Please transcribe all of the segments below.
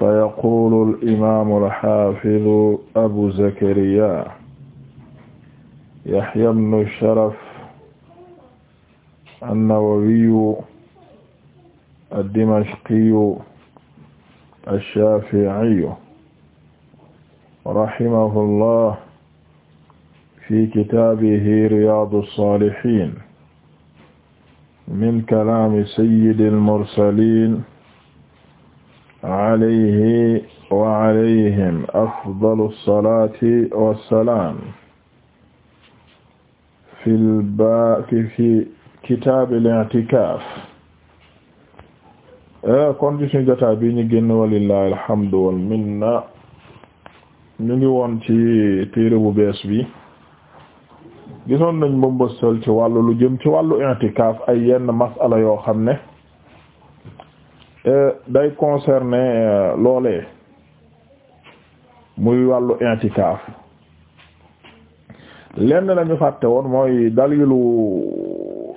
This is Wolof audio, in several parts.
فيقول الإمام الحافظ أبو زكريا يحيى بن الشرف النووي الدمشقي الشافعي رحمه الله في كتابه رياض الصالحين من كلام سيد المرسلين alayhi wa alayhim afdalu salaati wa salaam fil ba fi kitaabil i'tikaaf kon ci suñu jotaay bi ñu génn walillahi alhamdu wal minna ñu ngi woon ci téere bu bees bi gisoon nañ mbambastal ci wàllu lu jëm ci wàllu i'tikaaf ay yenn masala yoo xam ne Euh, day concerner euh, loolee muy wàllu intikaaf lenn lañu fàtte woon mooy dalilu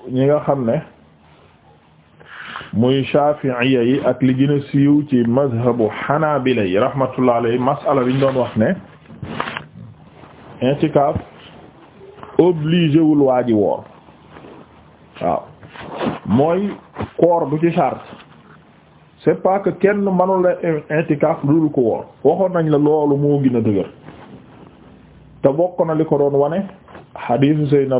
ñi nga xam ne muy shafi'iyya yi ak li gën a siiw ci mazhabu hanabila yi rahmatullah alayhi masala bi doon wax ne intikaaf obligé waa ji woor waaw mooy koor bu ci charte c'est pas que kenn manula i'tikaf lu dul ko woor waxoon nañ la loolu moo gën dëgër te bokk na li ko doon wane hadith Seydina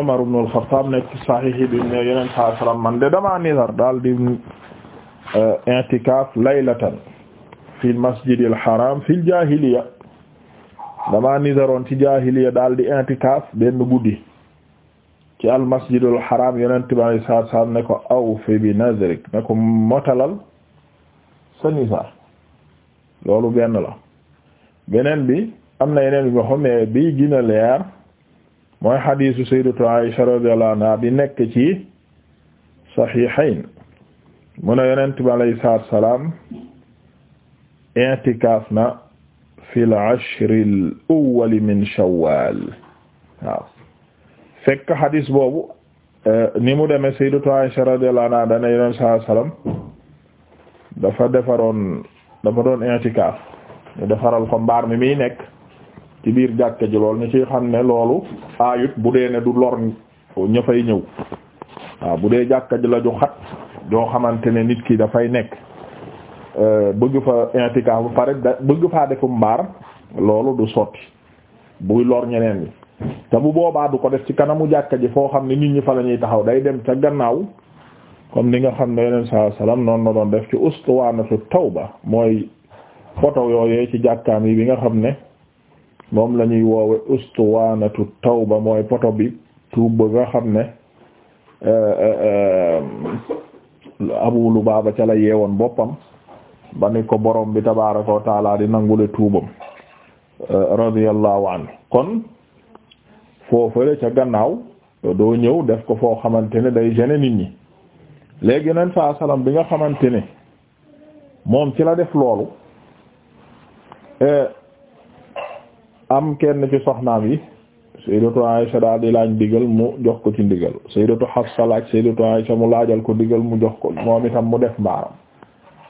Umar ibn al nekk sahih bi ne yeneen saa salaam man de damaa nizar daal di euh, i'tikaf laylatan fil masjidil haram fil jahiliya damaa nizaroon ci jahiliya daal di i'tikaf benn guddi ci al masjidul haram yonent bi alayhi salaatu salaam ne ko awfi bi nazrik ne ko motalal sa nisaar loolu benn la beneen bi am na yeneen bi nga xam ne bi gina leer mooy hadiisu sayyidatu Aisha radiyallahu anha bi nekk ci sahihayn mu ne yonent bi alayhi salaatu salaam i'tikaaf na fil ashril awwal min shawwal waaw fekk hadis boobu euh, ni mu demee sayyidatu Aisha radiyallahu anha dana yonent sallallahu alayhi dafa defaroon dafa doon i'tikaaf ñu defaral ko mbaar mi muy nekk ci biir jàkka ji lool ñu ci xam ne loolu aayut bu dee ne du lor ña ñëw waaw bu dee jàkka ji la ju xat joo xamante ne nit ki dafay nekk euh, bëgg fa i'tikaaf ba pare da bëgg faa defum mbaar loolu du sotti buy lor ñeneen ñi te bu boobaa du ko def ci kanamu jàkka ji foo xam ne nit ñi fa la ñuy taxaw day dem ca gannaaw comme ni nga xam ne yeneen saa salaam noonu na doon def ci ustuwaanatu tawba mooy photo yooyee ci jàkkaam yi bi nga xam ne moom la ñuy woowe ustuwaanatu tawba mooy photo bi tuub ba nga xam ne euh, euh, euh, Abu Lubaaba ca la yeewoon boppam ba ni ko borom bi tabaaraka wa taala di nangule tuubam radiyallahu anhu kon foofale ca gannaaw doo ñëw def ko foo xamante ne day gêner nit ñi léegi neen saa salaam bi nga xamante ne moom ci la def loolu e, am kenn ci soxnaam yi sayyidatu Aisha daal di laaj ndigal mu jox ko ci ndigal sayyidatu Hafsa laaj sayyidatu Aisha mu laajal ko ndigal mu jox ko moom itam mu def mbaaram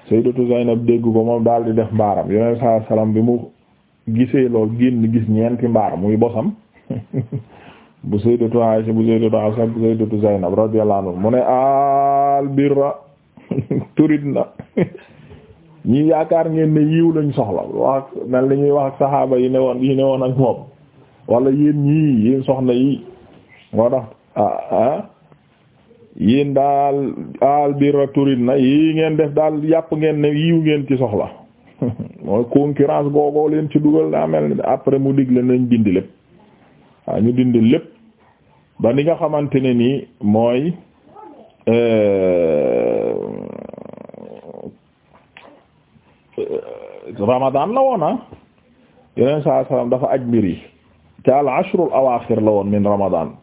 sayyidatu Zaynab dégg ko moom daal di def mbaaram yeneen saa salaam bi mu gisee lool génn gis ñeenti mbaar muy bosam bu sayyidatu Aisha bu sayyidatu Hafsa bu sayyidatu Zaynab radiyallahu anhu mu ne al birra turidna ñi yaakaar ngeen ne yiw lañ soxla wax la ñuy wax ak saxaaba yi ne woon yi ne woon ak wala yéen ñii soxna yi moo tax ah ah yéen daal al birra turidna yii ngeen def daal yàpp ngeen ne yiw ngeen ci soxla mooy concurrence googoo leen ci dugal daa mel ni après mu digle nañ bindi lépp waaw ñu dindi lépp ba ni nga xamante ne nii mooy euh, euh, Ramadan la woon ah yeneen saa salaam dafa aj mbir yi te al ashrul awaaxir la woon min Ramadan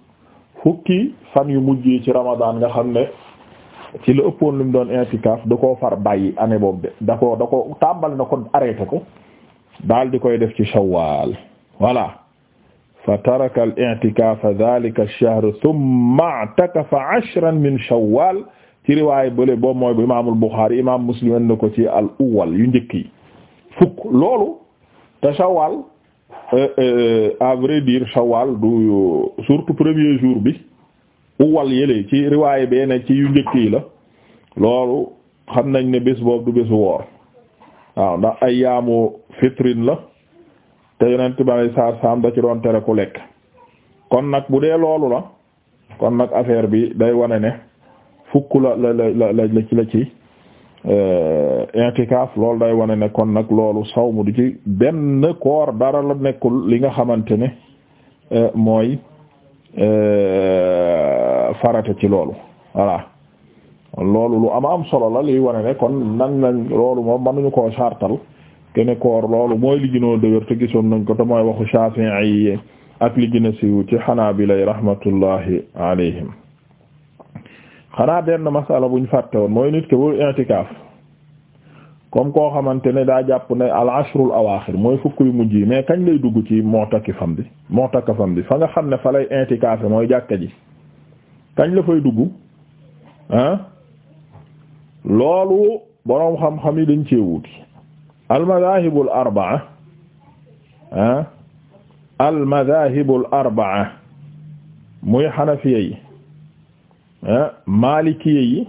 fukki fan yu mujj yi ci Ramadan nga xam ne ci la ëppoon lu mu doon intikaaf da koo far bàyyi année boobu de da koo da ko tàmbali na ko arrêté ko daal di koy def ci Shawwal voilà. fa taraka al i'tikaafa dhaalika ash-shahr thumma i'takafa ashran min shawwal ci riwaay bële boobu mooy bu imaamul Buxaari imaam Muslim an na ko ci al awwal yu njëkk yi fukk loolu te shawwal euh, euh, à vrai du surtout premier jour bi awwal yële ci riwaay bee ci yu njëkk yi la loolu xam nañ ne bés boobu du bésu woor waaw ndax ayyaamu fitrin la te yonent bari saar saam da ci doon tere ku lekk kon nag bu dee loolu la kon nag affaire bi day wane ne fukk la la la la ci la ci euh, intikaaf loolu day wane ne kon nag loolu saw mu du ci benn koor dara la nekkul li nga xamante ne euh, mooy euh, farata ci loolu voilà loolu lu ama am solo la liy wane ne kon nan lañ loolu moom mënuñu ko sartal kene koor loolu mooy li gënoo dëgër te gisoon nañ ko te mooy waxu Shafi'i yi ak li gën a siiw ci Hanabila rahmatullahi alayhim xanaa benn masala buñ fàtte woon mooy nit ki wul i'tikaaf comme koo xamante ne daa jàpp na al ashrul awaaxir mooy fukk yu mujj yi mais kañ lay dugg ci fam bi mootakafam bi fa nga xam ne fa lay i'tikaaf mooy jàkka ji kañ la fay dugg ah loolu boroom xam-xam yi dañ cee wuti almadahibul arbaa ah almadahibul arbaa muy xanafiya yi ah maalikiya yi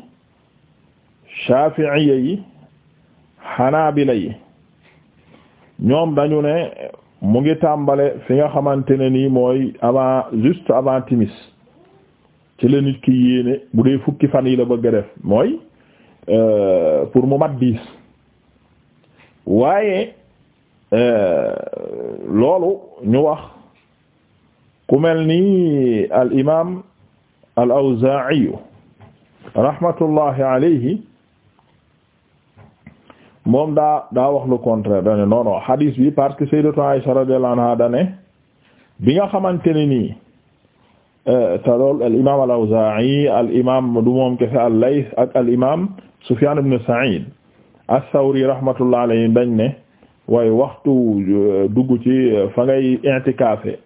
shaafiiya yi xanaabila yi ñoom dañu ne mu ngi tàmbale fi nga xamante ne nii mooy avant juste avant timis ci la nit ki bu dee fukki fan yi la bëgg a def mooy euh, pour mu mat waaye euh, loolu ñu wax ku mel ni al imaam al awzaa'i rahmatullahi alayhi moom daa daa wax le contraire dane non non hadis bi parce que sayyidatu Aisha radiyallahu anha dane bi nga xamante ni nii euh, te lool al imaam al awzaa'i al imaam du moom kese ak al imaam Sufyaan as-Sawri rahmatullah alayhi dañ ne waaye waxtu euh, dugg ci euh, fa ngay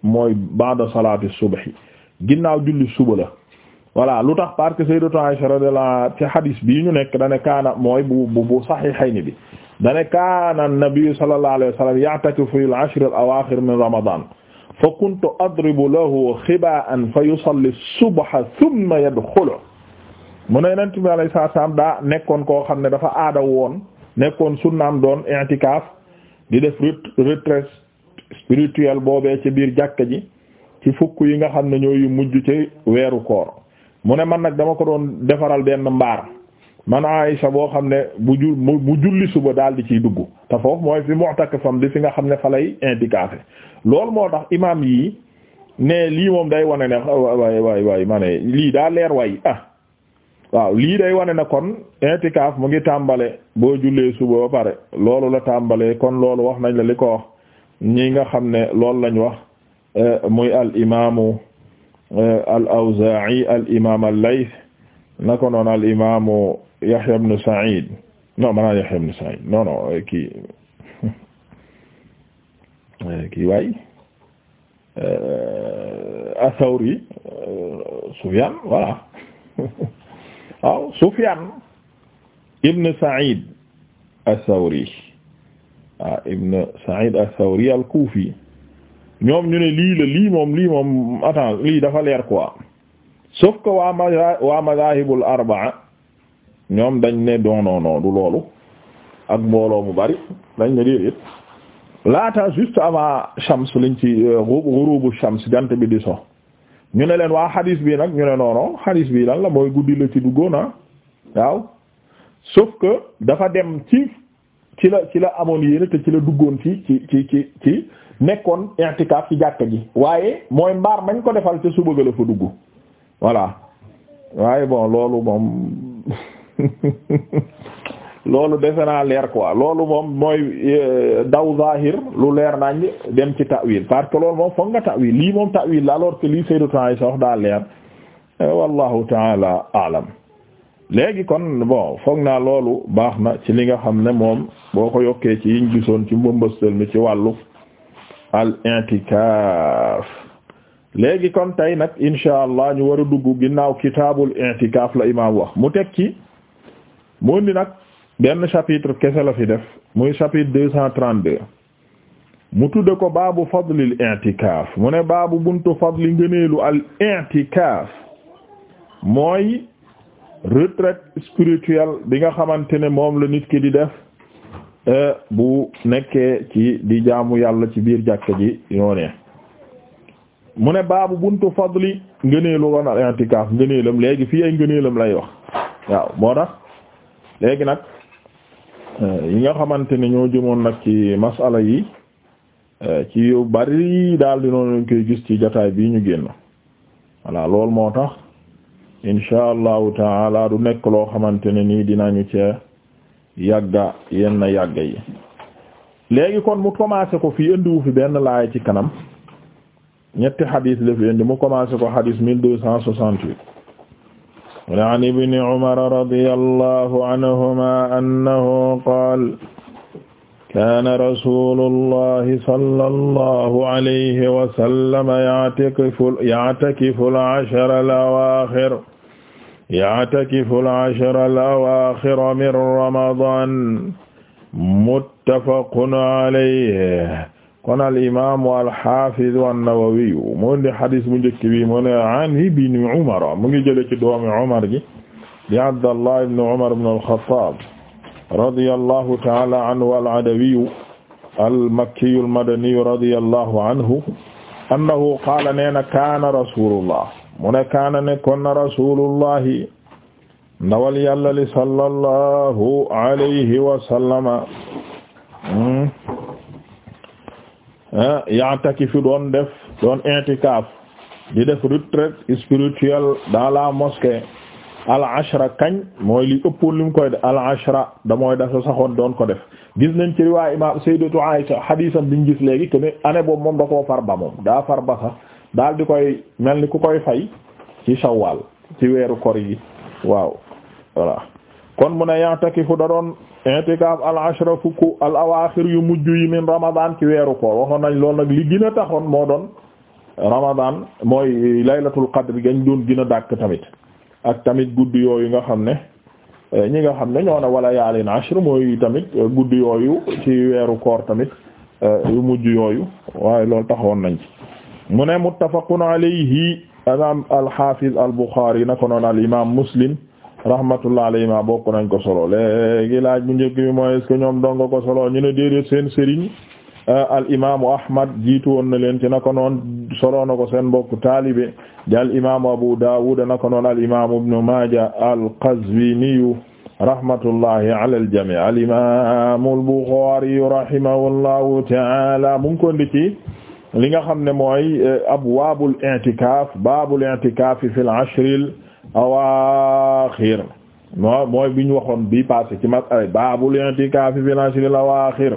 mooy ba'da salaati subhi ginnaaw julli suba la voilà lu tax parce que sayyidatu Aisha radiyallahu anha ci hadis bii ñu nekk dane kaana mooy bu bu sahihayn bi dane kaana an-nabi sallallahu alayhi wa sallam ya'takifu fil ashr al-awaakhir min ramadan fa kuntu adribu lahu xibaan fa yusalli subha thumma yadxulu mu ne yonent bi alayhi salaam daa nekkoon koo xam ne dafa aada woon nekkoon sunnaam doon i'tikaaf di def retraite spirituelle boobee ci biir jàkka ji ci fukk yi nga xam ne ñooyu mujj ci weeru koor mu ne man nag dama ko doon defaral benn mbaar man Aïcha boo xam ne bu ju bu julli suba daal di ciy dugg te foofu mooy fi mu'takafam di fi nga xam ne fa lay i'tikaaf loolu moo tax imaam yii ne lii moom day wane ne waay waay waay ma lii daa leer waay ah waaw lii day wane na kon i'tikaaf mu ngi tàmbale boo jullee suba ba pare loolu la tàmbalee kon loolu wax nañ la li ko wax ñi nga xam ne loolu lañ wax eh, muy al imaamu eh, al awzaa'i na ko noon al imaamu yahya ibn sa'id non maanaam yahya ibn sa'id non non eh, kii kii waay athawri sufyan voilà waaw Sufyan ibn Sa'id as-Sawri waaw ibn Sa'id as-Sawri al-Kufi ñoom ñu ne lii la lii moom lii moom attends lii dafa leer quoi sauf que waa ma waa madahibul arbaa ñoom dañ ne don non loolu ak mbooloo mu bari dañ ne déedéet laata juste avant Shams lañ ci ghurubu euh, Shams jant bi di so ñu ne leen waa xalis bi nag ñu ne noono xalis bi lan la mooy guddi la ci duggoon ah waaw sauf que dafa dem ci ci la ci la amoon yéene te ci la duggoon ci ci ci ci ci nekkoon i'tikaaf ci jàkka ji waaye mooy mbaar mañ ko defal ca suba ga la fa dugg voilà waaye bon loolu moom loolu defe naa leer quoi loolu moom mooy euh, daw zahir lu leer nañ dem ci ta'wil parce que loolu moom foog nga ta'wil lii moom ta'wil la alors que lii Sayyidatu Aisha wax daa leer euh, wallahu ta'ala a'lam léegi kon bon foog naa loolu baax na ci li nga xam ne moom boo ko yokkee ci yiñ gisoon ci mbambastal mi ci wàllu al i'tikaf léegi kon tey nag insha allah ñu war a dugg ginnaaw kitaabul i'tikaf la imaam wax mu teg ci mu indi nag benn chapitre kese la fi def muy chapitre deux cent trente-deux mu tudde ko baabu fadlil i'tikaaf mu ne baabu buntu fadli ngëneelu al i'tikaaf mooy retraite spirituelle bi nga xamante ne moom la nit ki di def e, bu nekkee ci di jaamu yàlla ci biir jàkka ji yoone mu ne baabu buntu fadli ngëneelu woon al i'tikaaf ngëneelam léegi fii ay ngëneelam lay wax waaw moo tax léegi nag yi nga xamante ne ñoo jëmoon nag ci masala yi eh, ci yu bari daal di noonu lañ koy gis ci jataay bii ñu génn voilà loolu moo tax insha allahu taala du nekk loo xamante ne nii dinañu ci yàgga yenn yàgga yi léegi kon mu commencé ko fii indiwu fi benn laay ci kanam ñetti xadiis la fi indi mu commencé ko xadiis mille deux cent mu ne an ibni umara radiyallahu anhuma annahu qaal kaana rasulullahi sallallahu alayhi wa sallam ya'takifu ya'takifu al-ashara al-awaakhir ya'takifu al-ashara al-awaakhir min ramadan muttafaqun alayhi kon al imaamu al xaafidu an-Nawawiyu mu indi xadis bu njëkk bi mu ne an ibni Umar mu ngi jële ci doomi Umar gi di Abdallah ibn Umar ibn al-Khattab radiyallahu ta'ala anhu al-Adawiyu al-Makkiyu al-Madaniyu radiyallahu anhu annahu qaala neena kaana rasulullah mu ne kaana nekkoon na rasulullahi ndawal yàlla li sallallahu alayhi wa sallama hmm? fi doon def doon i'tikaf di def retraite spirituelle dans la mosquée al ashra kañ mooy li ëppoon li mu koy def al ashra da mooy dafa saxoon doon ko def gis nañ ci riwaaya imam to Aisha hadiisam bi ñu gis léegi que ne moom da koo far ba moom daa far ba sax daal di koy mel ni ku koy fay ci shawwal ci weeru kor yi waaw voilà kon mu ne ya'takifu da doon i'tikaaf al ashra fukk al awaaxir yu mujj yi min ramadan ci weeru koor waxoon nañ lool nag li gën a taxoon moo doon ramadan mooy laylatul qadr gañ doon gën a dàkk tamit ak tamit guddi yooyu nga xam ne eh, ñi nga xam ne ñoo ne wala yaalin ashr mooy tamit guddi yooyu ci weeru koor tamit eh, yu mujj yooyu waaye loolu taxoon nañ ci mu ne muttafaqun alayhi imam al hafiz al bukhari na ko noon al imam muslim rahmatullah alayhima bokk nañ ko solo léegi laaj bu njëkk mooy est ñoom donga ko solo ñu ne déedéet seen sëriñ euh, al imaamu Ahmad jiitu woon na leen ci naka noon solo na ko seen mbokk taalibe di al imaamu Abu Dawud naka noon al imaamu Ibnu Maaja al Qazwiniyu rahmatullahi ala al jamii al imaamu al Buxaari rahimahullahu ko indi li nga xam ne mooy euh, abwaabul i'tikaaf baabul i'tikaafi fil ashril awaaxir moo mooy bi ñu waxoon bi passé ci masala baabul i'tikaafi fil ashril awaaxir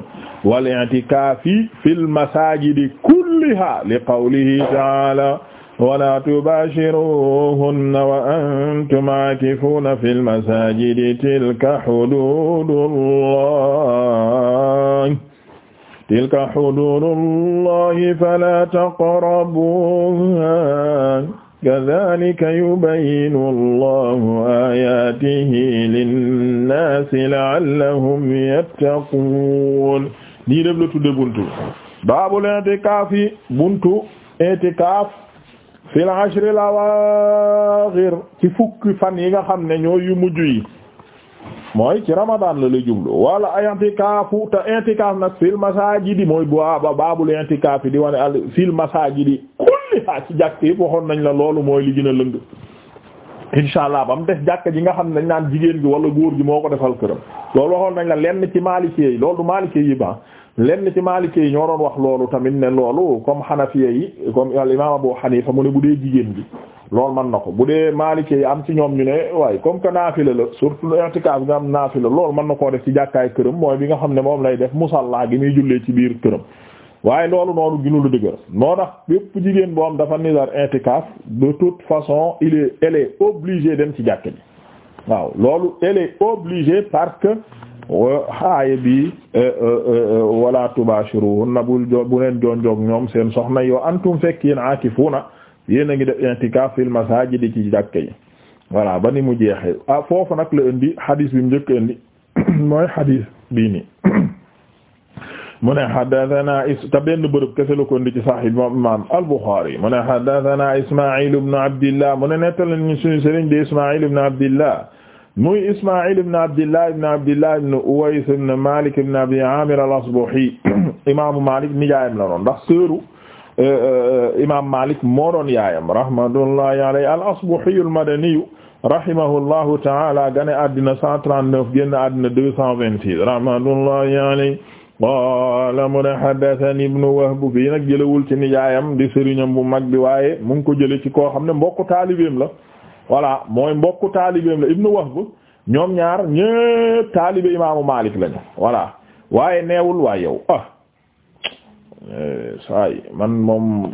wal i'tikaafi fil masaajidi kulliha li qawlihi ta'aala wala tubaashiruhunna wa antum aakifuuna fil masaajidi tilka huduudullaah tilka huduudullaah falaa taqrabuuhaa li yubayyinu allahu ayatihi linnaasi la'allahum yattaquun nii def la tudde buntu baabul i'tikaafi buntu i'tikaaf fil ashril awaaxir ci fukki fan yi nga xam ne ñooy yu mujj yi mooy ci ramadan la la jublu wala i'tikaafu te i'tikaaf nag fil masaajidi mooy bu baabul i'tikaafi di wane al fil masaajidi bid'a ci jàkk yëpp waxoon nañ la loolu mooy li gën a lëng insha allah ba mu des jàkk ji nga xam ne dañ naan jigéen gi wala góor gi moo ko defal këram loolu waxoon nañ la lenn ci maalikee yi loolu du maalikee yi ba lenn ci maalikee yi ñoo doon wax loolu tamit ne loolu comme xanafiya yi comme al imam Abu Hanifa mu ne bu dee jigéen bi loolu mën na ko bu dee maalikee yi am ci ñoom ñu ne waaye comme que naafila la surtout i'tikaaf nga am naafila loolu mën na koo def ci jàkkaay këram mooy bi nga xam ne moom lay def musalla gi muy jullee ci biir këram waaye loolu noonu ginu dëgër moo tax bépp jigéen boom am dafa nizar intikaaf de toute façon il est elle est obligée dem ci jàkk ji waaw loolu elle est obligée parce que xaaye euh, bi euh, euh, wala tubashiruhunna bul jo bu leen jonjoog ñoom seen soxna yoo antum fekk yéen aakifuuna yéen a ngi def intikaaf fil masaajid di ci jàkk yi voilà ba ni mu jeexee ah foofu nag la indi hadis bi mu njëkk indi mooy hadis bii mu ne haddathana is te benn bërëb kese la ko indi ci Sahih imam al-Bukhari mu ne haddathana Isma'il ibn Abdillah mu ne nettali ñu sunu sëriñ di Isma'il ibn Abdillah muy Isma'il ibn Abdillah ibn Abdillah ibn Uways ibn Malik ibn Abi Amir al-Asbahi imaamu Malik nijaayam la doon ndax seeru euh, euh, imaam Malik moo doon yaayam rahmatullahi alayhi al-Asbahi al-Madani rahimahullahu ta'ala gane àddina 139 génn àddina 226 rahmatullahi alayhi qaala mu ne haddathani ibnu wahb bi nag jëlewul ci nijaayam di sëriñam bu mag bi waaye mu ko jële ci koo xam ne mbokku taalibeem la voilà mooy mbokku taalibeem la ibnu wahb ñoom ñaar ñëpp taalibe imaamu Maalik lañu voilà waaye neewul waay yow ah saa yi man moom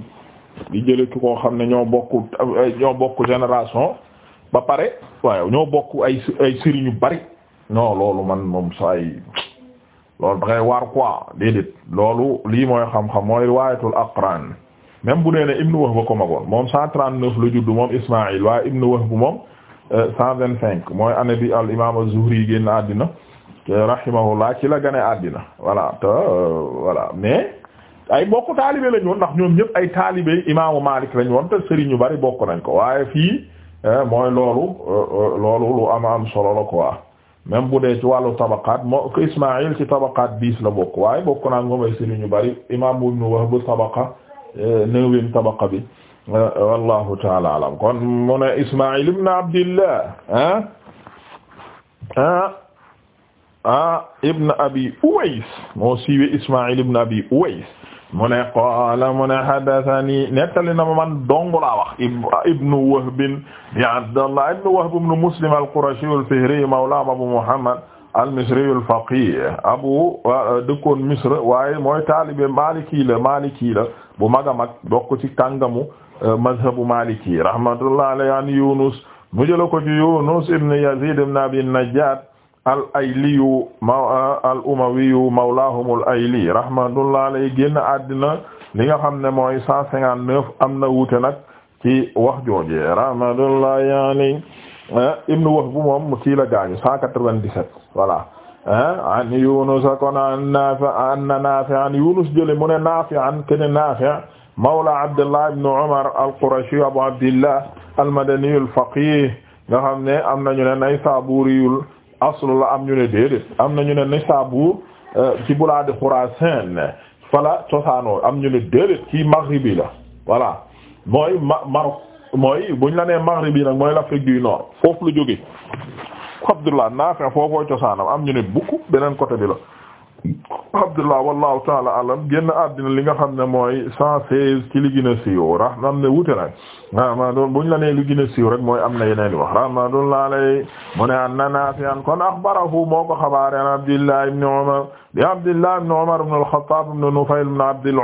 di jële ci koo xam ne ñoo bokk ñoo bokk génération ba pare waaye ñoo bokk ay ay sëriñ yu bari non loolu man moom saa yi loolu da waar quoi déedéet loolu lii mooy xam-xam mooy riwaayatul aqran même bu nee ne ibnu Wahb ko magoon moom cent trente-neuf la juddu moom Ismaïl waaye ibnu Wahb moom euh, cent vingt-cinq mooy année bi al imam az-Zuhri génn àddina rahimahullah ci la gane àddina wala te euh, voilà mais ay bokk taalibe lañ woon ndax ñoom ñëpp ay taalibe imaamu Maalik lañ woon te ñu yu bari bokk nañ ko waaye fii euh, mooy loolu loolu lu am am solo la quoi même bu dee ci wàllu tabaqaat moo ko Ismaïl ci tabaqaat dix la bokk waaye bokk naa moom ay sëriñ ñu bari imaam Ibn Wahb tabaqa euh, neuvième tabaqa bi euh, wallahu taala alam kon mu ne Ismaïl ibn Abdillah ah ah ah ibn Abi Uways moo siiwe Ismaïl ibn Abi Uways mu ne qaala mu ne haddathani nettali na ma man dong laa wax ibnu Wahb bi Abdallah ibnu Wahb ibnu Muslim al-Qurashi al-Fihri mawla Abu Muhammad al-Misri al-Faqih abu dëkkoon Misr waaye mooy taalibe Maliki la Maliki la bu mag a mag bokk ci kàngamu euh, mazhabu Maliki rahmatullah alayhi an Yunus mu jël ko ci Yunus ibn Yazid ibn Abi Najjad al ayliyu ma ah, al umawiyu mawlaahumul ayli rahmatullahi alayhi génn àddina li nga xam ne mooy cent cinquante am na wuute nag ci wax jooje rahmatullahi yaani ah, ibnu Wahb moom ci la gaañu cent quatre-vingt-dix-sept voilà ah, an Yunus kon an Naafi an Yunus jële mu ne an kene Naafi mawla Abdullah ibn Umar al-Qurashi Abu Abdillah al-Madani al-faqih nga xam ne am na nañu ne Naysaburi aslu la am ñu ne déedéet am na ñu ne Nisaabuur euh, ci bulaadi Xuraasaan fala cosaanoo am ñu ne déedéet ci maghribi la voilà mooy ma Maroc mooy buñ la nee maghribi nag mooy l'Afrique du Nord foofu lu jóge Abdullah Naafi' foofoo cosaanam am ñu ne bukk beneen côté bi la Abdullah wallahu taala alam génn àddina li nga xam ne mooy sa seize ci li gën a siiw rahma am ne wute nag rahma doon buñ la nee li gën a siiw rek mooy am na yeneen wax rahmatullah alay a ne an na nafian kon axbarahu moo ko xabaare an Abdillah ibn Umar bi Abdillah ibn Umar ibn al-Khattab ibn Nufayl ibn Abd al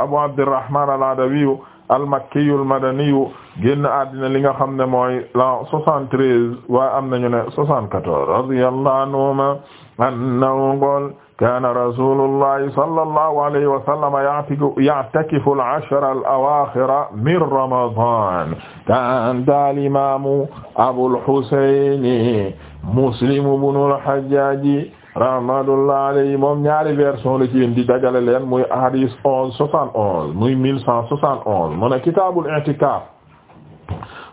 Abu Abdirrahman al-Adawi al-Makki al-Madani génn àddina li nga xam ne mooy la soixante-treize waaye am annahu qaala kaana rasuulullahi sallallahu alayhi wa sallam ya'takifu al-ashara al-awaakhira min ramadaan kaana al-imaamu abul husayni muslim ibnul hajjaaji rahmatullah alayhi moom ñaari version la ci yéen di dajale leen muy hadis 11 71 muy 1171 mu ne kitaabul i'tikaaf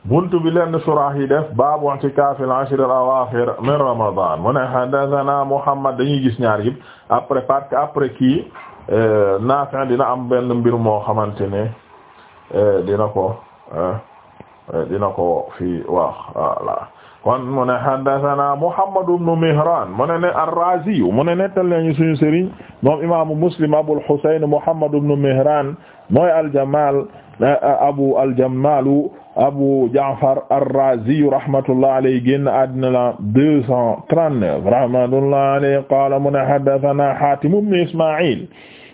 buntu bi leen surah yi def baabu i'tikaaf al-ashr al-awaaxir min Ramadan mu ne Muhammad dañuy gis ñaar yëpp après parce que après kii euh, Naafi' dina am benn mbir moo xamante ne euh, dina ko euh, dina ko fi wax voilà kon mu ne Muhammad ibn Mihran mu ne ne ar-Razi mu ne nettal nañu suñu sëriñ moom imaamu Muslim Abul Husayn Muhammad ibn Mihran mooy al-Jamal Abu al-Jamal Abu Ja'far ar-Razi rahmatullah alayhi génn àddina la 239 rahmatullah alayhi qala mun haddathana Hatim ibn Isma'il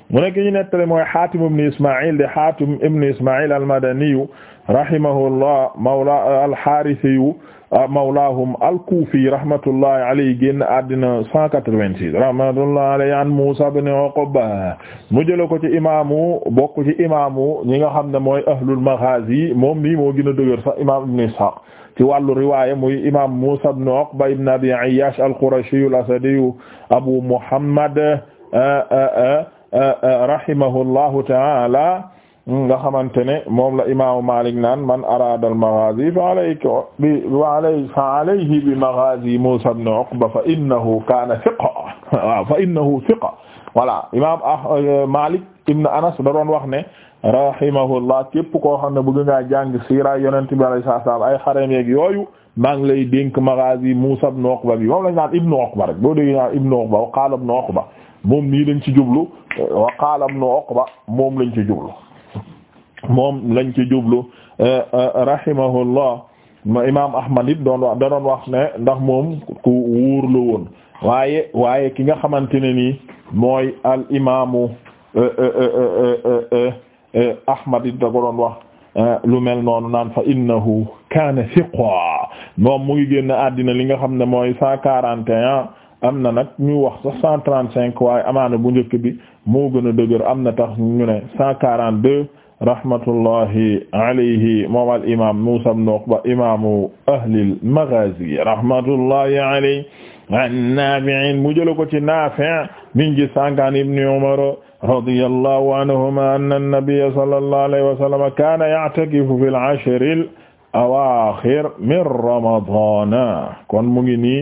mu nekk ñu nettale mooy Hatim ibn Isma'il de Hatim ibn Isma'il al-Madaniyu rahimahullah mawla euh, al-Harisiyu euh, mawlahum al-Kufi rahmatullahi alayhi génn àddina 186 rahmatullahi alayhi an Musa ibn Uqba mu jële ko ci imaamu bokk ci imaamu ñi nga xam ne mooy ahlul maghazi moom nii moo gën a dëgër sax imaam ibn Ishaq ci wàllu riwaaya muy imaam Musa ibn Uqba ibn Abi Ayyash al-Qurashiyu al-Asadiyu Abu Muhammad euh, Euh, euh, rahimahullahu taala nga xamante ne moom la imaamu Malik naan man araada al-maghaazi fa alayka bi wa alayhi fa alayhi bi maghaazi Muusaa ibn Uqba fa innahu kaana thiqa waaw fa innahu thiqa voilà imaam ah, euh, Malik ibn Anas da doon wax ne rahimahullah képp koo xam ne bëgg ngaa jàng siira yonent bi alayhi salaam ay xareem yeeg yooyu maa ngi lay dénk maghaazi Muusaa ibn Uqba bi moom lañ naan ibn Uqba rek boo déggee naan ibn Uqba wa qaala ibn Uqba moom nii lañ ci jublu waqaala qaala ibnu Uqba moom lañ ci jublu moom lañ ci jublu eh, eh, rahimahullah ma imaam Ahmad it doon wax wax ne ndax moom ku wóor la waaye waaye ki nga xamante ne nii mooy al imaamu eh, Ahmad it da doon wax lu mel noonu naan fa innahu kaana thiqa moom mu ngi génn àddina li nga xam ne mooy cent quarante et am na nag ñu wax sax cent trente cinq waaye amaana bu njëkk bi moo gën a dëgër am na tax ñu ne cent quarante deux rahmatullahi alayhi moom al imam Muusaa ibn Uqba imamu ahlil maghazi rahmatullahi alayhi an Naafi'in mu jël ko ci Naafi' min gi sankaan ibn Umar radiyallahu anhuma anna an-nabiyya sallallahu alayhi wa sallam kaana ya'takifu fil ashril awaakhir min ramadaan kon mu ngi nii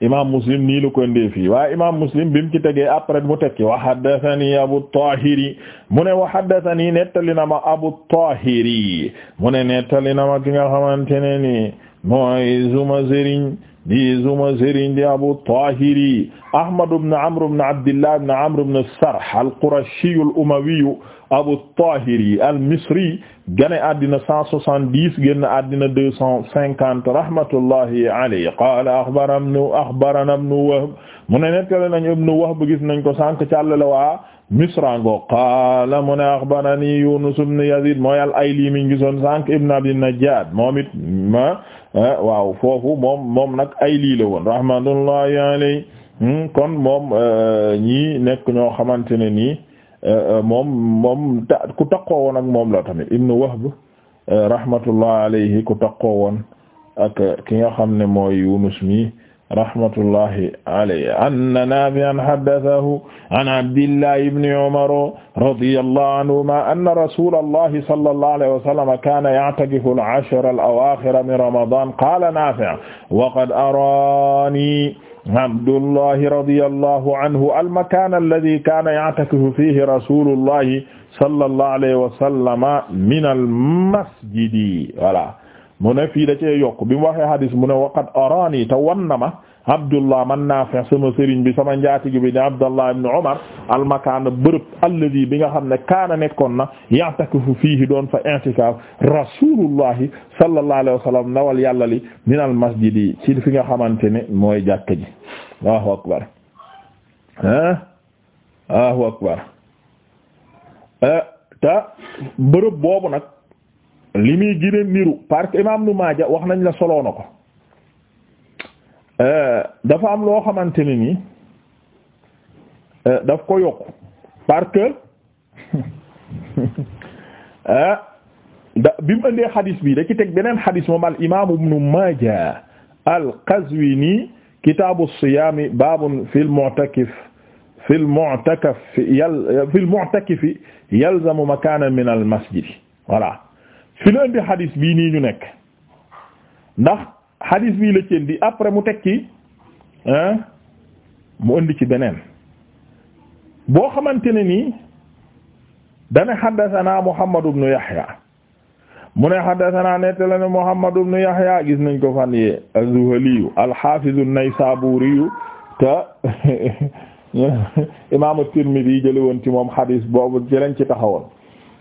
imaam muslim nii la ko indee fii waaye imaam muslim bi mu ci tegee après mu tekki wa haddathani abu tahiri mu ne wa haddathani nettali na ma abu tahiri mu ne nettali na ki nga xamante ne ni mooy zuma sëriñ di suma sëriñ di Abu Tahiri Ahmad ibn Amr ibn Abdillah ibn Amr ibn Sarh al-Qurashi al-Umawi Abu Tahiri al-Misri gane addina 170 génn addina 250 rahmatullahi alayhi qaala axbarana ibn Wahb mu ne nettali nañ ibn Wahb gis nañ ko sànq càllale waa misrango qaala mu ne axbarani Yunus ibn Yazid mooy al-Ayli mi gisoon sànq ibn Abi Najjad moom it ma eh, waaw foofu moom moom nag Ayli la woon rahmatullahi alayhi hmm, kon moom eh, ñii nekk ñoo xamante ne nii eh, moom moom ku taqoo ak moom la tamit ibn Wahb rahmatullahi alayhi ku taqoo woon ak ki nga xam ne mooy Yunus mi rahmatullahi alayhi anna naafi'an haddathahu an abdillahi ibni umar radiyallahu anhuma anna rasulallahi sallallahu alayhi wa sallam kaana ya'takifu al-ashra al-awaakhira min ramadan qaala naafi' wa qad araani abdullahi radiyallahu anhu al-makaana alladhi kaana ya'takifu fiihi rasulullahi sallallahu alayhi wa sallam min al-masjidi voilà mu ne fii da cee yokk bi mu waxee mu ne waqad arani te wan na ma abdullah man nafi sama sëriñ bi sama njaatigi bi ni abdallah ibn umar almakaana bërëb alladi bi nga xam ne kaana nekkoon na ya'takifu fiihi doon fa i'tikaaf rasulullahi sallallahu alayhi wa sallam nawal li min al ci fi nga xamante ne mooy jàkka ji allahu akbar ah akbar eh, te bërëb boobu nag li muy gën a niru parce que imam nu Maaja wax nañ la soloo na ko euh, dafa am loo xamante ne ni euh, daf ko yokk parce que euh, da bi mu indee xadis bi da ci teg beneen xadis moom al imam ibnu Maaja al Qazwini kitaabu siyaami baabun fil mu'takif fil mu'takaf yal fil mu'takifi yalzamu makaanan min al masjid voilà fi la indi xadis bii nii ñu nekk ndax xadis bii la ci indi après mu teg ki mu indi ci beneen boo xamante ne nii dana xaddasanaa Muhammad ibn Yahya mu ne xaddasanaa nettali na Muhammad ibn Yahya gis nañ ko fan yee az-Zuhaliyu al-Haafizu an-Naysaabuuriyu te imaam at jële woon ci moom xadis boobu jëleñ ci taxawoon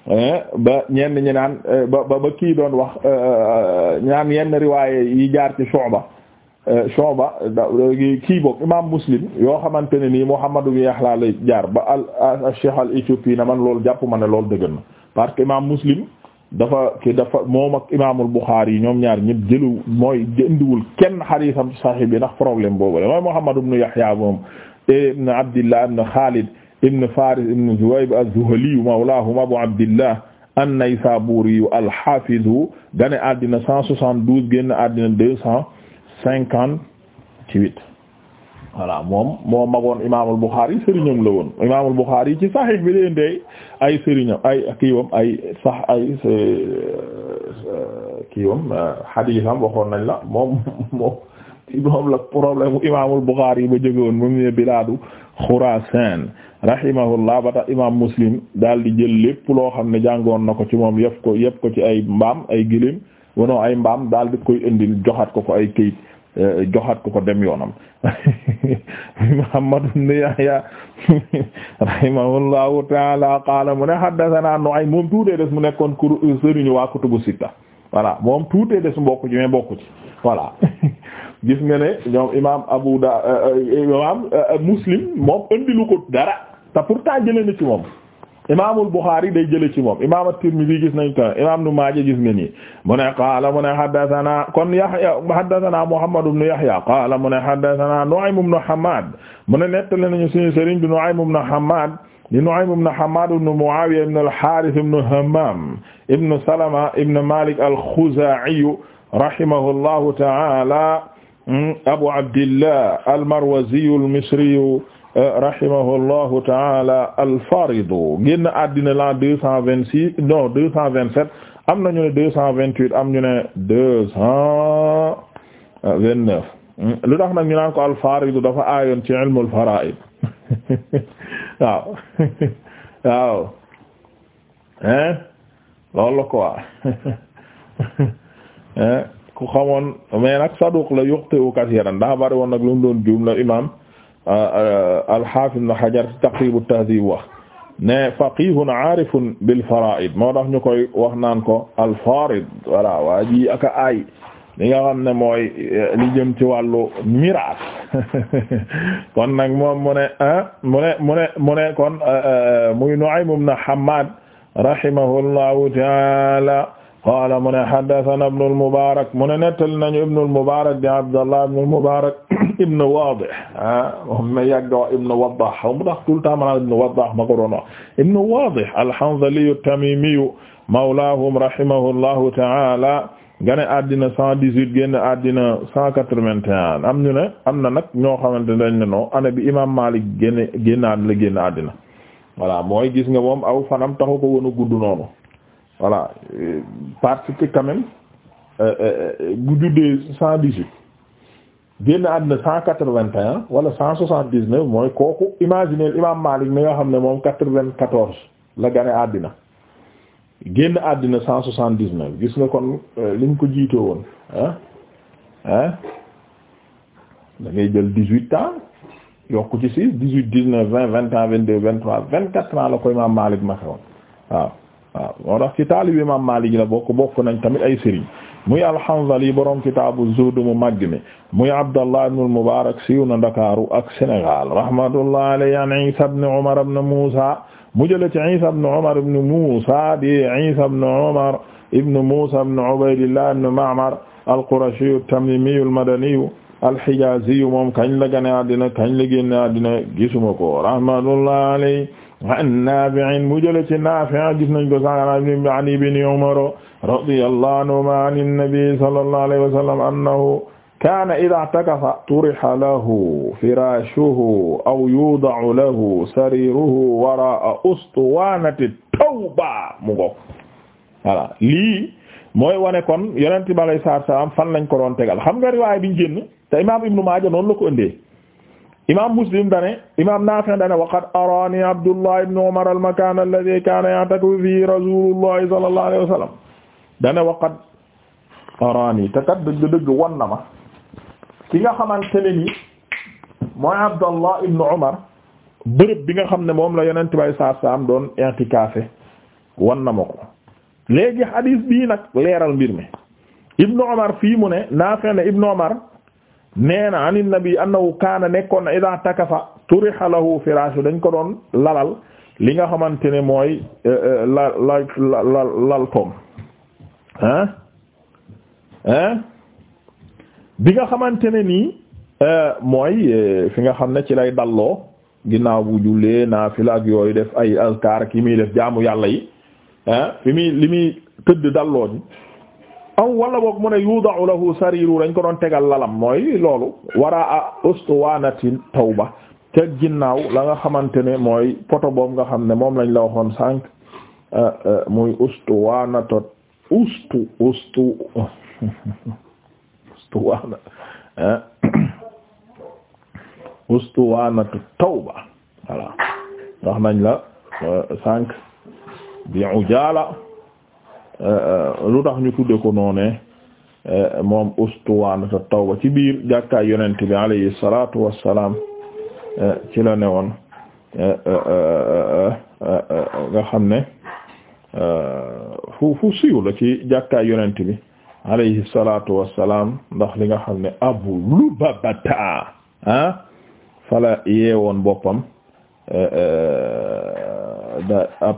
Eh, ba ñeen ñi naan eh, ba ba kii doon wax eh, ñaan yenn riwaaye yi jaar ci Shu'ba Shu'ba kii boog imaam Muslim yoo xamante ne nii Muhammad ibn Yahla lay jaar ba al Cheikh al éthiopie na man loolu jàpp ma ne loolu dëgg na parce que imaam Muslim dafa ki dafa moom ak imaamul Bukhari yi ñoom ñaar ñëpp jëlu mooy jëndiwul kenn xadiisam ci Sahih bi ndax problème boobu la mooy Muhammad ibn Yahya moom ibn Abdillah ibn Khalid ibn Faris ibn Zuwayb az-Zuhli mawlaahum Abu Abdillah an-Naysaburi al-Hafiz gane àddina 172 génn àddina 258 voilà moom moo magoon Imaamul Bukhari sëriñam la woon Imaamul Bukhari ci Sahih bi leen de ay sëriñam ay kiiwam ay sax ay euh, euh, kiiwam euh, hadiisam waxoon nañ la moom ci moom la problème imaamul Buxaari yi ba jóge woon moom ne bilaadu Xuraasaan rahimahullah ba imaam Muslim daal di jël lépp loo xam ne jàngoon na ko ci moom yëpp ko yëpp ko ci ay mbaam ay gilim wonoo ay mbaam daal di koy indil joxat ko ko ay këyit eh, joxaat ko ko dem yoonam Muhammad ibn Yahya rahimahullahu taala qaala mu ne haddathana moom tuutee des mu nekkoon kur eh, sëriñu waa kutubu sitta voilà moom tuutee des mu ci mais bokku ci voilà gis nga ne ñoom imaam Abu Da euh, euh, imaam euh, Muslim moom andilu ko dara te pourtant jëlee na ci moom imaamul Bukhari day jëlee ci moom imaam at-Tirmidhi gis nañ ko imaam nu Maaja gis nga nii mu ne qaala mu ne haddathana kon Yahya haddathana Muhammad ibn Yahya qaala mu ne haddathana Nu'aym ibn Hammad mu ne nettali nañu suñu sëriñ bi Nu'aym ibn Hammad di Nu'aym ibn Hammad ibn Muawiya ibn al-Harith ibn Hammam ibn Salama ibn Malik al-Khuza'i rahimahullahu ta'ala Hmm? abu abdillah almarwaziyu almisriyu eh, rahimahullahu taala alfaridu génn àddina la deux cent vingt six non vingt sept am nañu ne deux cent am ñu ne hmm? lu tax nag ñu naan alfaridu dafa aayoon ci ilmul faraa'id waaw waaw hein la quoi hein ku xamoon mais nag saduq la yuxti'u kasiran daa bari woon nag lu mu doon juum la imaam ah, ah, al-Hafiz Ibn Hajar Taqrib at-Tahdhib wax ne faqihun aarifun bil fara'id moo tax ñu koy wax naan ko al-farid voilà waa ji ak ay li nga ne mooy eh, li jëm ci wàllu miraas kon nag moom ah, mu ne mu ne mu ne eh, eh, mu ta'ala qaala mu ne haddathana ibnu al-Mubaarak mu ne nettali nañu ibnu al-Mubaarak di Abdallah ibnu al-Mubaarak ibnu Waadih ah, moom ma yàgg wax ibnu Waddah xaw ma ndax tout le temps maanaam ibnu Waddah ma ko doon wax ibnu Waadih al-Hanzali at-Tamimi mawlaahum rahimahullahu ta'ala gane addina 118 génn addina 181 am ñu ne am na nag ñoo xamante ne dañ ne non année bi imaam Maalik génn génnaat la génn addina voilà mooy gis nga moom aw fanam taxu ko woon a gudd noonu. voilà euh, parce que quand même euh, euh, bu juddee cent dix-huit génn àddina cent quatre-vingt-un wala cent soixante-dix-neuf mooy kooku imaginer imam Malik mi nga xam ne moom quatre-vingt-quatorze la gane àddina génn àddina cent soixante-dix-neuf gis nga kon liñ ko jiitoo woon ah ah da ngay jël dix-huit ans yokk ci six dix-huit dix-neuf vingt vingt vingt-deux vingt quatre ans la ko imam Malik maxe woon waaw waaw moo tax ci taalib imam Maalik la bokk bokk nañ tamit ay sëriñ muy al-Hanzali borom kitaabu zuhd mu màgg mi muy Abdallah ibn al-Mubarak siiw na Ndakaaru ak Sénégal rahmatullah alayhi an Isa ibn Umar ibn Muusa mu jële ci Isa ibn Umar ibn Muusa di Isa ibn Umar ibn Muusa ibn Ubaydillah ibn Ma'mar al-Qurashi at-Tamimi al-Madani al-Hijazi moom kañ la gane àddina kañ la génn àddina gisuma ko rahmatullah alayhi an Naafi'in mu jële ci Naafi' gis nañ ko sànq an ibn Umar radiyallahu anhuma an nabi sallallahu alayhi wa sallam annahu kaana idaa i'takafa turiha lahu firaashuhu aw yuuda'u lahu sariiruhu waraa'a ustuwaanati tawba mu ngoog voilà lii mooy wane kon yonent bi alayhi salaam fan lañ ko doon tegal xam nga riwaaya biñ génn te imaam Ibnu Maaja noonu la ko ëndee imam Muslim dane imam Nafi' dane waqad arani Abdullah ibn Umar al-makan alladhi kana ya'takifu fihi rasulullah sallallahu alayhi wa sallam dane waqad arani te kat dëgg dëgg wan na ma ki nga xamante ne ni mooy Abdullah ibn Umar bërëb bi nga xam ne moom la yonent bay saat saam doon i'tikaafe wan na ma ko léegi hadis bii nag leeral mbir mi ibn Umar fii mu ne Nafi' ne ibn Umar nee na an nabi annahu kaana nekkoon na ida takafa turiha lahu firaasu dañ ko doon lalal li nga xamante ne mooy eh, eh, la la la lal toom ah bi nga xamante ne nii eh, mooy fi nga xam ne ci lay dalloo ginnaaw bu jullee naafila ak yooyu def ay azkaar ki muy def jaamu yàlla yi ah fi muy li muy tëdd dalloo ji aw wala boog mu ne yudaau lahu sariru dañ ko doon tegal lalam mooy loolu waraa ustuwaanatin tawba ca ginnaaw la nga xamante ne mooy poto boobu nga xam ne moom lañ la waxoon sànq euh, euh, muy ustuwaanato ustu ustu ustuwaana ustuwaanatu tawba voilà wax nañ la euh, sànq bi ujaala Euh, euh, lu tax ñu tudde ko noone euh, moom ustuwaanata tawba ci biir jàkkaay yonent bi alayhi salaatu wassalaam ci la ne woon nga xam ne fu siiw la ci jàkkaay yonent bi alayhi salaatu wassalaam ndax li nga xam ne abu lubabata ah fala yeewoon boppam da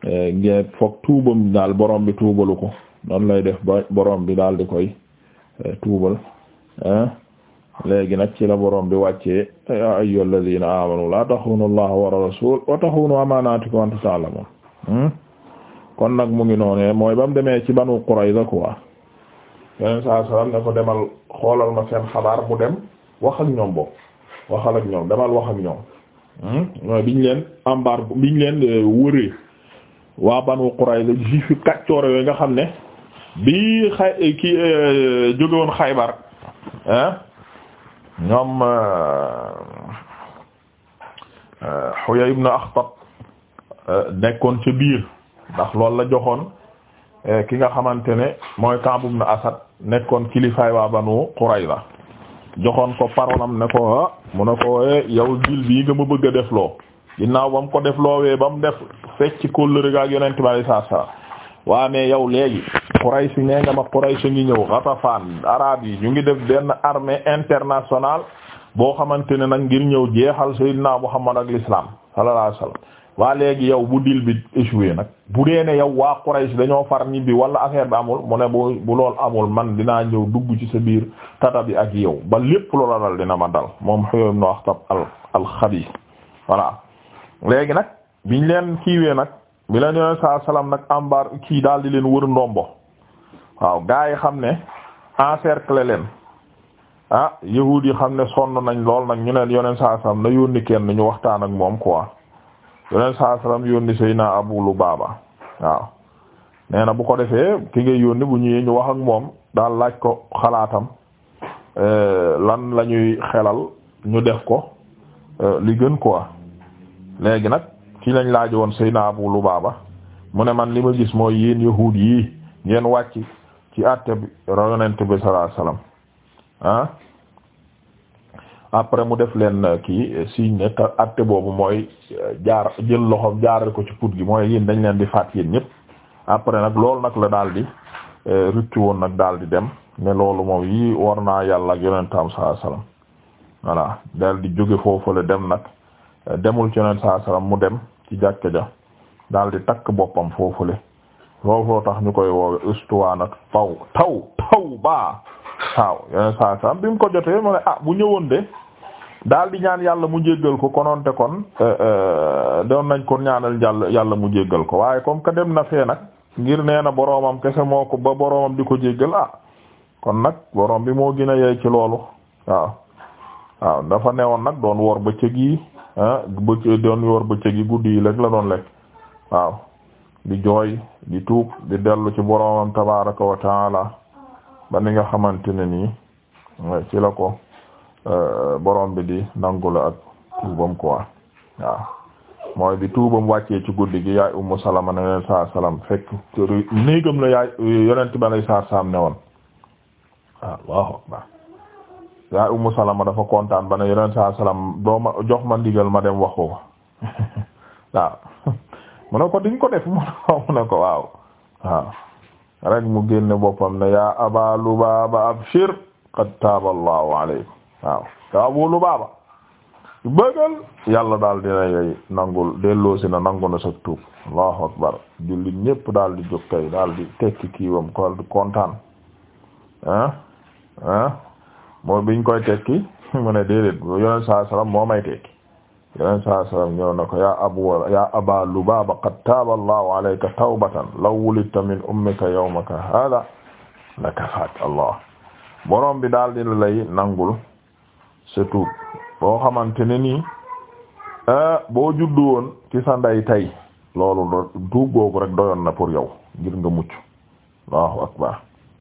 Eh, ngeen foog tuubam daal boroom bi tuubalu ko noonu lay def ba borom bi daal di koy eh, tuubal eh? légi nag ci la borom bi wàcce ya ayyuha amanu la taxunu allaha wa rasul wa taxunu amanatikum wa antum ta'lamun hmm? kon nag mu ngi noonee mooy ba mu demee ci banu Qurayza quoi yeneen saa salaam ne ko demal xoolal ma seen xabaar bu dem wax ak ñoom boobu waxal ak ñoom demal wax ak ñoom hmm? mooy biñ leen embargo biñ leen wëree waa Banu Qurayza juif kaccoor yooyu nga xam ne bi xay ki eh, Xaybar ah, ñoom eh, eh, Huyay ibn Akhtab nekkoon ca biir ndax loolu la joxoon ki nga xamante ne mooy Ka'b ibn Asad nekkoon kilifaay waa Banu Qurayza joxoon ko parolam ne ko ah mu ne ko yow dil bii nga ma bëgg a def loo ginnaaw ba mu ko def loowee ba mu def fecc kóllëre ga ak yonent bi sallallahu alayhi waa mais yow léegi Quraysh nee nga ma Quraysh ngi ñëw Ghatafan araab yi ñu ngi def benn armée internationale boo xamante ne nag ngir ñëw jeexal Seydina Muhammad ak l'islam sallallahu alayhi waa léegi yow bu dil bi échoué nag bu dee ne yow waa Quraysh dañoo far ñibbi wala affaire bi amul mu ne bu bu lool amul man dinaa ñëw dugg ci sa biir tata bi ak yow ba lépp loola dal dina ma dal moom xëyoon na léegi nag biñ leen kiiwee nag bi leen yoneen saa salaam nag ambar kii daal di leen wër ndombo waaw gaa yi xam ne encercler leen ah yahuud yi xam ne sonn nañ lool nag ñu ne yoneen saa salaam na yónni kenn ñu waxtaan ak moom quoi yoneen saa salaam yónni Seydina Abu Lubaaba waaw nee na bu ko defee ki ngay yónni bu ñëwee ñu wax ak moom daal laaj ko xalaatam eh, lan la ñuy xelal ñu def ko eh, li gën quoi. léegi nag ci lañ laaj woon naa Seydina lu baaba mu ne man li ma gis mooy yéen yahuud yi ngeen wàcc ci àtte bi yonent bi sallallahu alayhi wasallam ah. après mu def leen kii si ne àtte boobu mooy jaar jël loxo jaaral ko ci put gi mooy yéen dañ leen di faat yéen ñëpp après nag loolu nag la daal di euh, rëccu woon nag daal di dem ne loolu moom yi war naa yàlla ak yonentam sallallahu alayhi wasallam voilà daal di jóge foofu la dem nag. demul ci yonent saa mu dem ci jàkka ja daal di takk boppam foofu foofule looloo tax ñu koy woowe ustuwaan ak taw taw taw baa waaw yonent saa salaam bi mu ko jotee moo ne ah bu ñëwoon de daal di ñaan yàlla mu jéggal ko kononte kon eh, eh, doon nañ ko ñaanal yàlla yàlla mu jéggal ko waaye comme que dem na fee nag ngir nee na boroomam kese moo ko ba boroomam di ko jéggal a ah, kon nag boroom bi moo gën a yey ci loolu waaw waaw dafa newoon nag doon wor bëccëg yi bëccëg doon yor bëccëg yi guddi yi lekk la doon lekk waaw di jooy di tuub di dellu ci boroomam tabaraka wa taala ba ni nga xamante ne nii ci la ko euh, borom bi di nangula ak tuubam quoi waaw mooy bi tuubam wàccee ci guddi gi yaay ummu salama ne leen saa salam fekk néegam la yaay yonent ba lay saar saam ne woon yaa Ummu Salama dafa kontaan ba ne yeneen saa salaam doo ma jox ma ndigal ma dem wax ko waaw mu ne ko di ko def mu ne ko waaw waaw rek mu génne boppam ne yaa Aba Lubaaba abshir qad taaba Allahu waaw yaa Abu Lubaaba bëggal yàlla daal dina yooyu nangul delloosi na nangu na sa tuub Allahu akbar jullit ñépp daal di jóg kay daal di tekki kiiwam ko kontaan ah moo biñ koy tekki mu ne déedéet yoneen saa salaam moo may tekki yoneen saa salaam ñëw na ko yaa abu yaa aba lubaaba qad taaba alayka tawbatan law wulidta min ummika yawmaka hada la kafaak allah borom bi daal dina lay nangul surtout boo xamante ne nii eh, boo juddu woon ci sa tey loolu tuub googu rek doyoon na pour yow ngir nga mucc allahu akbar